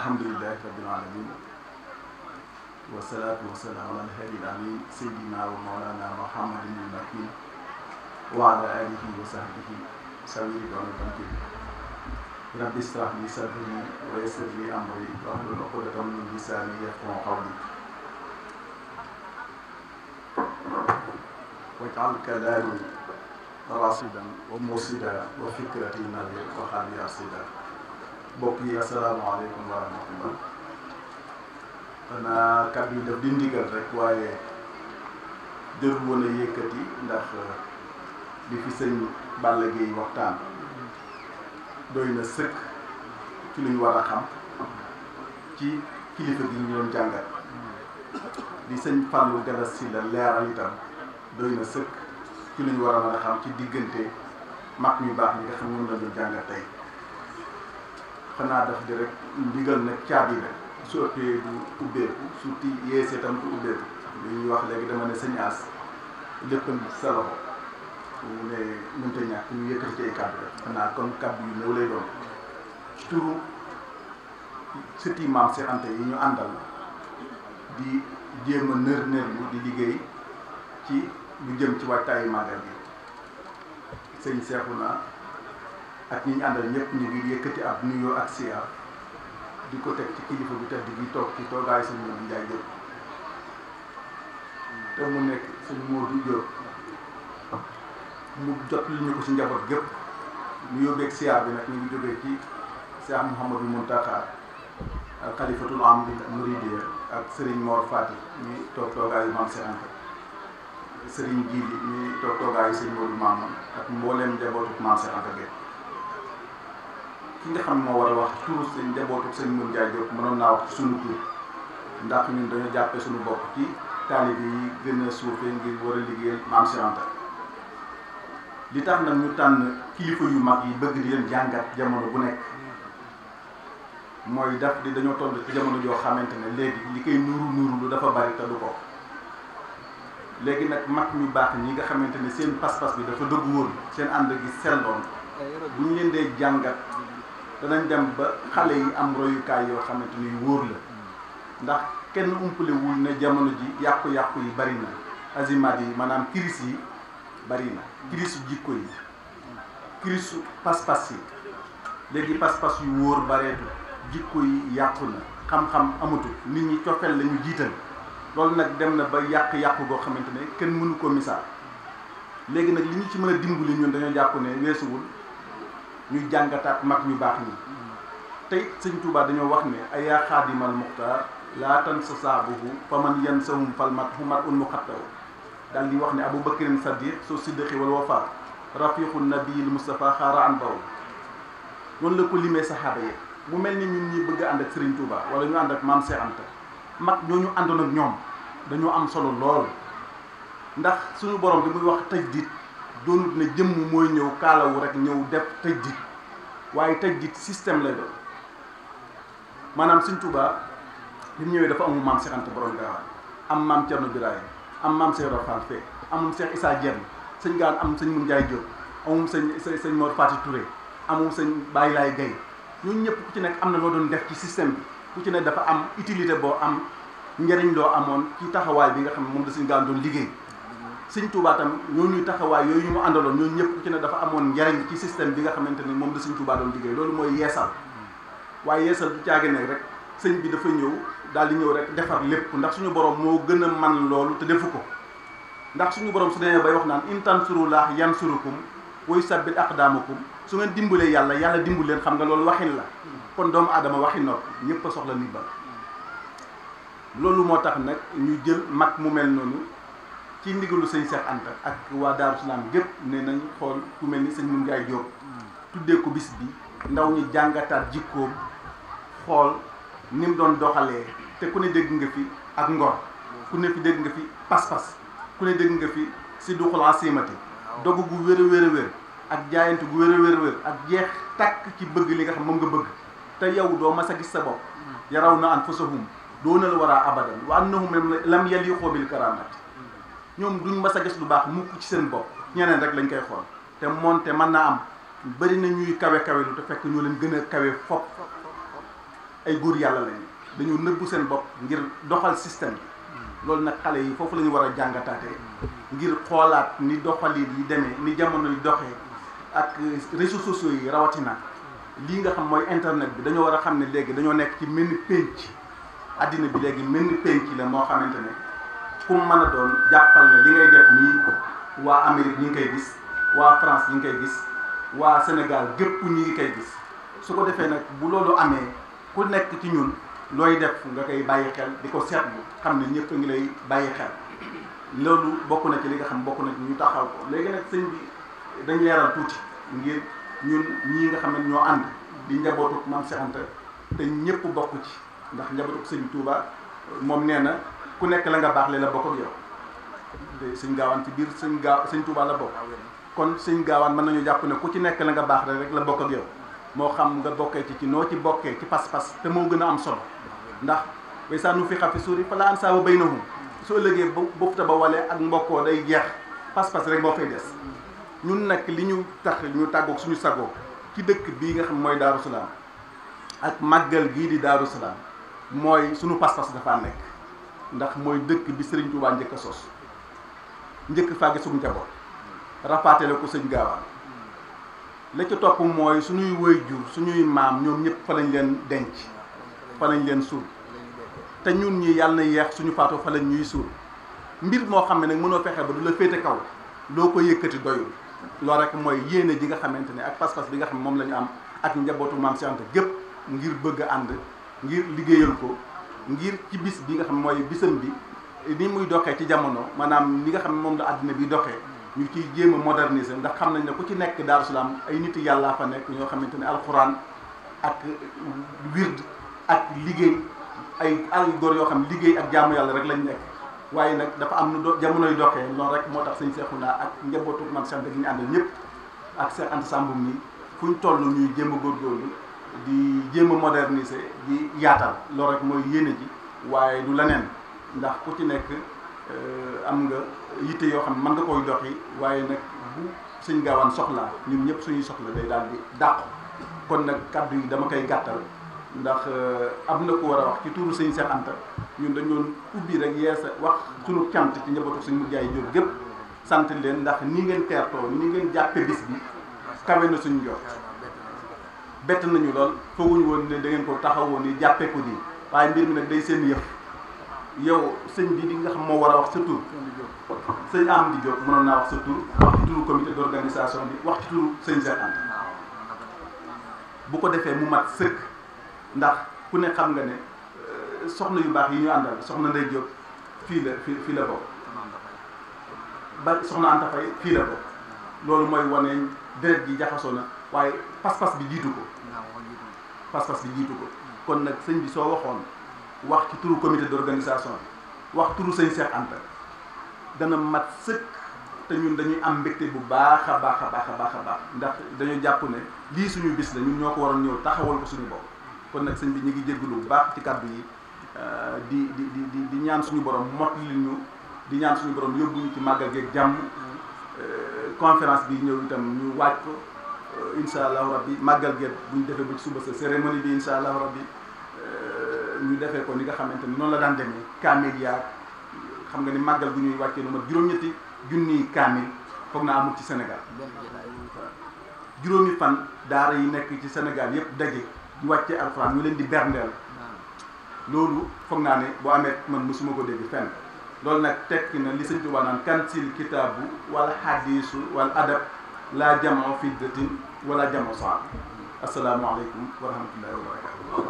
alhamdulilahi rabbil alamin wasalaatu wasalaamu ala alhaadi alamin sayyidina wa mawlana muhammadin al-makin wa ala alihi wa sahbihi sawi doona tantin rabbi israh li sadri wa yassir li amri wahlul uqdatan min lisani yafqahu qawli waj'al kalami rasidan wa mursidan wa fikrati nabiyan wa qalbi arsida mbokk yi asalaamaaleykum wa rahmatullah xanaa kàddu yi daf di ndigal rek waaye jër woon a yëkkati ndax uh, li fi sëñ Balla Gueye waxtaan doy na sëkk ci luñ war a xam ci kilifa gi ñu doon jàngat di sëñ Fallou Galas si la leeral itam doy na sëkk ci luñ war a mën a xam ci diggante mag ñu baax ñi nga xam ne moom ñu jàngat xanaa def di rek ndigal nag caabi la su ëppee du ubbeeku su ti yeesee tam du ubbeeku li ñuy wax léegi dama ne sëñ As lépp sa loxo mu ne mënta ñàkk ñu yëkkati ci kàddu rek xanaa kon kàddu yu néew lay doon turu sëti maam si yi ñu àndal di jéem nër nër bu di liggéey ci lu jëm ci waajtaayu màggal gi sëñ Seexuna ak ñu àndal ñëpp ñu ngi yëkkati ab nuyoo ak siyaar di ko teg ci kilifa bu tedd gi toog ci toogaayu sëñ Modou Ndiaye li ñu njaboot gépp ñu yóbbeeg siyaar bi nag ñu ngi jógee ci Cheikh Mouhamadou Mountakha xalifatul am bi Mouridiyya ak Serigne Mor Fati ñuy toog toogaayu Mame Cheikh Anta Serigne Djili ñuy toog toogaayu sëñ Modou Mamoun ak mbooleem njabootu Mame Cheikh Anta gépp ki nga xam moo war a wax turu seen njabootu seen mën jaay jóg mënoon naa wax ci suñu tur ndax ñu dañoo jàppee suñu bopp ci taalibe yi gën a suufee ngir war a liggéeyal maam Cheikh Anta li tax nag ñu tànn kilifa yu mag yi bëgg di leen jàngat jamono bu nekk mooy daf di dañoo toll ci jamono joo xamante ne léegi li koy nuuru nuuru lu dafa bari te du ko léegi nag mag ñu baax ñi nga xamante ne seen pas-pas bi dafa dëgg woon seen ànd gi selloon bu ñu leen dee jàngat. danañ dem ba xale yi am royukaay yoo xamante ni wóor la ndax kenn umpalewul ne jamono ji yàqu-yàqu yi bari na azimat yi maanaam crise yi bari na crise su jikko yi crise su pas-pas yi léegi pas-pas yu wóor bareetu jikko yi yàqu na xam-xam amatul nit ñi cofeel la ñu jiital loolu nag dem na ba yàq-yàqu goo xamante ne kenn mënu ko misaal léegi nag li ñu ci mën a dimbali ñun dañoo jàpp ne weesuwul ñuy jàngataat mag ñu baax ñi tey sëñ Touba dañoo wax ne ayaa xaadimal muxtaar laa sa saabuhu fa man yan sahum falmat humat un mu xattaw daal di wax ne abou bakrin sadiq soo siddaxi wal wafa rafiqu nabil moustapha xaara an baw noonu la ko limee saxaaba yi mu mel ni ñun ñi bëgg ànd ak Serigne Touba wala ñu ànd ak Mame Cheikh Anta mag ñooñu àndoon ak ñoom dañoo am solo lool ndax suñu borom bi muy wax tëj dit doonut ne jëmm mooy ñëw kaalawu rek ñëw def tëjjit waaye tëjjit système lay la maanaam Sëñ Tuubaa li mu ñëwee dafa amu maam Seex Anta borom Gaawaan am maam Cerno Birahim am maam Seex Rafal fee amum Seex Isaa Jeen sëñ Gaawaan am sëñ Mun Njaay Jóob amum sëñ sëñ Mor Faati Touré amum sëñ Baay Laay Gay ñooñu ñëpp ku ci nekk am na loo doon def ci système bi ku ci nekk dafa am utilité boo am njariñ loo amoon ci taxawaay bi nga xam ne moom la Sëñ Gaawaan doon liggéey sëñ Touba tam ñuy taxawaay yooyu ñu mu àndaloon ñooñu ñëpp ku ci ne dafa amoon njariñ ci système bi nga xamante ne moom la sëñ Touba doon liggéey loolu mooy yeesal waaye yeesal du caagi ne rek sëñ bi dafa ñëw daal di ñëw rek defar lépp ndax suñu borom moo gën a man loolu te defu ko ndax suñu borom su demee bay wax naan in tansurullah yansurukum wa yusabbit aqdaamakum su ngeen dimbalee yàlla yàlla dimbal leen xam nga loolu waxin la kon doomu aadama waxi nopp ñëpp soxla nit ba loolu moo tax nag ñu jël mag mu mel noonu ci ndigalu sëñ Cheikh Anta ak waa Daaru Salaam gépp ne nañ xool ku mel ni sëñ Mun Njaay Jóob tuddee ko bis bi ndaw ñi jàngataat jikkoom xool ni mu doon doxalee te ku ne dégg nga fi ak ngor ku ne fi dégg nga fi pas-pas ku ne dégg nga fi si du xulaa siimati dogu gu wér a wér a wér ak jaayant gu wér a wér a ak jeex tàkk ci bëgg li nga xam moom nga bëgg te yow doo mas a gis sa bopp mm. yaraw na an fasahum doonal war a abadan wa annahum lam yaliqu bil karamat ñoom duñ mas a gis lu baax mukk ci seen bopp ñeneen rek lañ koy xool te moonte mën naa am bëri na ñuy kawe kawe lu te fekk ñoo leen gën a kawe fopp ay góor yàlla lañu dañoo nëbbu seen bopp ngir doxal système bi loolu nag xale yi foofu la ñu war a jàngataatee ngir xoolaat ni doxalit yi demee ni jamono yi doxee ak réseaux sociaux yi rawatina lii nga xam mooy internet bi dañoo war a xam ne léegi dañoo nekk ci mel ni penc àddina bi léegi mel ni penc la moo xamante ne. ku mu mën a doon jàppal ne li ngay def nii waa Amérique ñu ngi koy gis waa France ñu ngi koy gis waa Sénégal gépp ñu ngi gis su ko defee nag bu loolu amee ku nekk ci ñun looy def nga koy bàyyi xel di ko seetlu xam ne ñëpp a ngi lay bàyyi xel loolu bokk na ci li nga xam bokk na ci ñu taxaw ko léegi nag sëñ bi dañ yaral tuuti ngir ñun ñii nga xam ne ñoo ànd di njabootu Maam Seex te ñëpp bokk ci ndax njabootu sëñ tuuba moom nee na. ku nekk la nga baax le la bokk ak yow sëñ gaawaan ci biir sëñ gaaw sëñ Tuubaa la bokk kon sëñ gaawaan mën nañu jàpp ne ku ci nekk la nga baax rek la bokk ak yow moo xam nga bokkee ci ci noo ci bokkee ci pas-pas te moo gën a am solo ndax way saa nu fi xafi suuri fala bay baynahum soo ëllëgee bufta ba walee ak mbokkoo day jeex pas-pas rek moo fay des ñun nag li ñu tax ñu tàggoog suñu sagoo ci dëkk bii nga xam mooy Daaru Salaam ak màggal gii di Daaru mooy suñu pas-pas dafa ndax mooy dëkk bi Serigne Touba njëkk sos njëkk fàgge suñu njaboot rapaatale ko sëñ gaawaan la ca topp mooy suñuy waajur suñuy maam ñoom ñëpp fa lañ leen denc fa lañ leen suul te ñun ñi yàlla na yeex suñu faatu fa lañ ñuy suul mbir moo xam ne nag mënoo fexe ba du la féete kaw loo ko yëkkati doyul loolu rek mooy yéene ji nga xamante ne ak pas-pas bi nga xam ne moom lañu am ak njabootu maam si ante gépp ngir bëgg a ànd ngir liggéeyal ko ngir ci bis bi nga xam mooy bisam bi ni muy doxee ci jamono maanaam li nga xam moom la àddina bi doxee ñu ciy jéem a moderniser ndax xam nañ ne ku ci nekk Daaru Salaam ay nit yàllaa fa nekk ñoo xamante ne alxuraan ak wird ak liggéey ay al góor yoo xam liggéey ak jaamu yàlla rek lañ nekk waaye nag dafa am nu do jamonoy doxee loolu rek moo tax sañ sëñ naa ak njabootu man sant gi ñu àndal ñëpp ak seen ant sàmbu mi fuñ toll ñuy jéem a góorgóorlu di jéem a moderniser di yaatal loo rek mooy yéene ji waaye du leneen ndax ku ci nekk euh, am nga yitte yoo xam ne mën nga koy doxi waaye nag bu suñ gaawaan soxlaa ñun ñëpp suñuy soxla day daal di dàqu kon nag kàddu yi dama koy gàttal ndax euh, am na ko war a wax ci tuuru sëñ Cheikh Anta ñun dañu doon ubbi rek yeesa wax sunu cant ci njabootu suñ mujjaay jóg gépp sant leen ndax ni ngeen teertoo nii ngeen jàppe bis bi kawe na suñu jot bett nañu lool fooguñu woon ne da ngeen ko taxawoon ni jàppee ko nii waaye mbir mi nag day seen yëf yow sëñ bi di nga xam moo war a wax sa tur sëñ am di Diop mënoon naa wax sa tur wax ci turu comité d'organisation bi wax ci turu sëñ Cheikh Anta bu ko defee mu mat sëkk ndax ku ne xam nga ne euh, soxna yu baax yi ñu àndal soxna Ndeye Diop fii la fii fii la bokk ba soxna Anta Faye fii la bokk loolu mooy wane deret gi jaxasoo na waaye pas-pas bi jiitu ko pas-pas bi jiitu ko hmm. kon nag sëñ bi soo waxoon wax ci turu comité d'organisation bi wax turu sëñ Cheikh Anta dana mat sëkk te ñun dañuy am mbégte bu baax a baax a baax a baax a ndax dañu jàpp ne lii suñu bis la ñun ñoo ko waroon ñëw taxawal ko suñu bopp kon nag sëñ bi ñu ngi jégalu bu baax ci kàddu yi euh, di di di di ñaan suñu borom mot ñu di ñaan suñu borom yóbbuñu ci màggal geeg jàmm Euh, conférence bi ñëw itam ñu waaj ko euh, incha allahu rabbi màggal gi bu ñu defee ba ci suba sa cérémonie bi incha allahu rabbi euh, ñu defee ko ni nga xamante ni noonu la daan demee kaamil yaa xam nga ni màggal gu ñuy wàccee lu ma juróom-ñetti junniy kaamil foog naa amul ci Sénégal juróomi fan daara yi nekk ci Sénégal yëpp daje ñu wàccee alxuraan ñu leen di berndeel loolu foog naa ne boo amee man mosuma ko dégg fen loolu nag tekki na li sëñ Tuubaa naan kansil kitaabu wala xadiisu wala adab laa jamoo fiddatin wala jamoo saal asalaamaaleykum wa rahmatullahi wa barakatu